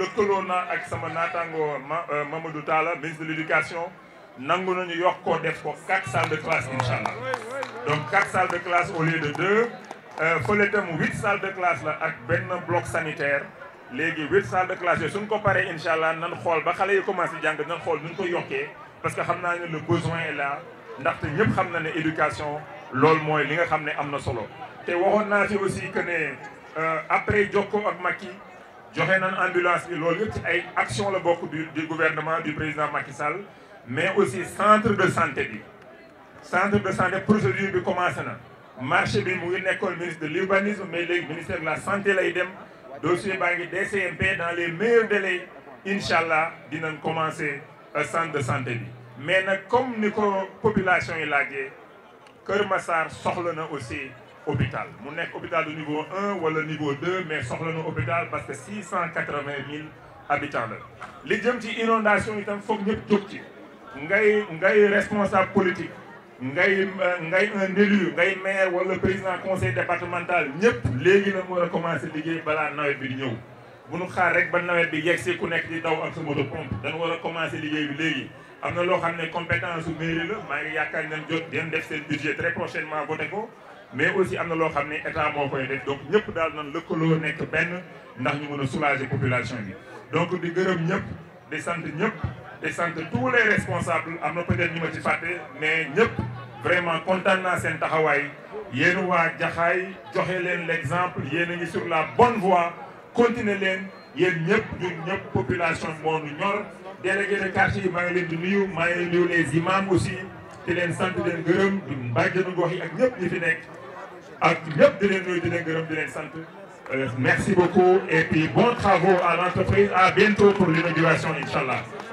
lëkkaloo naa ak sama naataango ma euh, Mamadou Talla ministre de l' nangu nañu yokk ko def ko quatre salles de classe incha allah donc quatre salles de classe au lieu de deux euh, fële itam huit salles de classe la ak benn bloc sanitaire léegi huit salles de classe yooyu suñ ko paree incha allah nan xool ba xale yi commencé jàng nan xool nuñ ko yokkee parce que xam naa ne le besoin est là ndaxte ñëpp xam na ne éducation loolu mooy li nga xam ne am na solo te waxoon aussi que ne euh, après jokko ak Macky joxe nañ ambulance bi loolu yëpp ci ay action la bokk du du gouvernement du président Macky mais aussi centre de santé bi centre de santé procédure bi commencé na marché bi mu ngi nekkoon ministre de l'urbanisme mais léegi ministère de la santé lay dem dossier baa ngi DCMP dans les meilleurs délais incha allah dinañ commencé euh, centre de santé bi mais nag comme ni ko population yi laajee Kër Massar soxla na aussi hôpital mu nekk hôpital de niveau un wala niveau deux mais soxla na hôpital parce que six cent quatre-vingt mille habitants la li jëm ci inondation itam foog ñëpp jóg ci ngay ngay responsable politique ngay euh, ngay un élu ngay maire wala président conseil départemental ñëpp léegi nag war a commencé liggéey balaa nawet bi di ñëw bu ñu xaar rek ba nawet bi yegsi ku nekk di daw ak sa moto pompe dañu war a commencé liggéey bi léegi am na loo xam ne compétence su la maa ngi yaakaar nañ jot den def seen budget très prochainement voté ko mais aussi am na loo xam ne état moo koy def donc ñëpp daal lëkk lëkkaloo nekk benn ndax ñu mën a soulager population yi donc di gërëm ñëpp di sant ñëpp di sant tous les responsables am na peut-être ñu ma ci fàtte mais ñëpp vraiment kontaan naa seen taxawaay yéen waa Jaxaay joxe leen l'exemple yéen a ngi sur la bonne voie continuer leen yéen ñëpp ñun ñëpp population moo ñu ñor délégué de quartier yi maa ngi leen di nuyu maa ngi leen di aussi di leen sant di leen gërëm di ak ñëpp ñi fi nekk ak ñëpp di leen nuyu di leen gërëm di leen sant euh, merci beaucoup et puis bon à l'entreprise à bientôt pour allah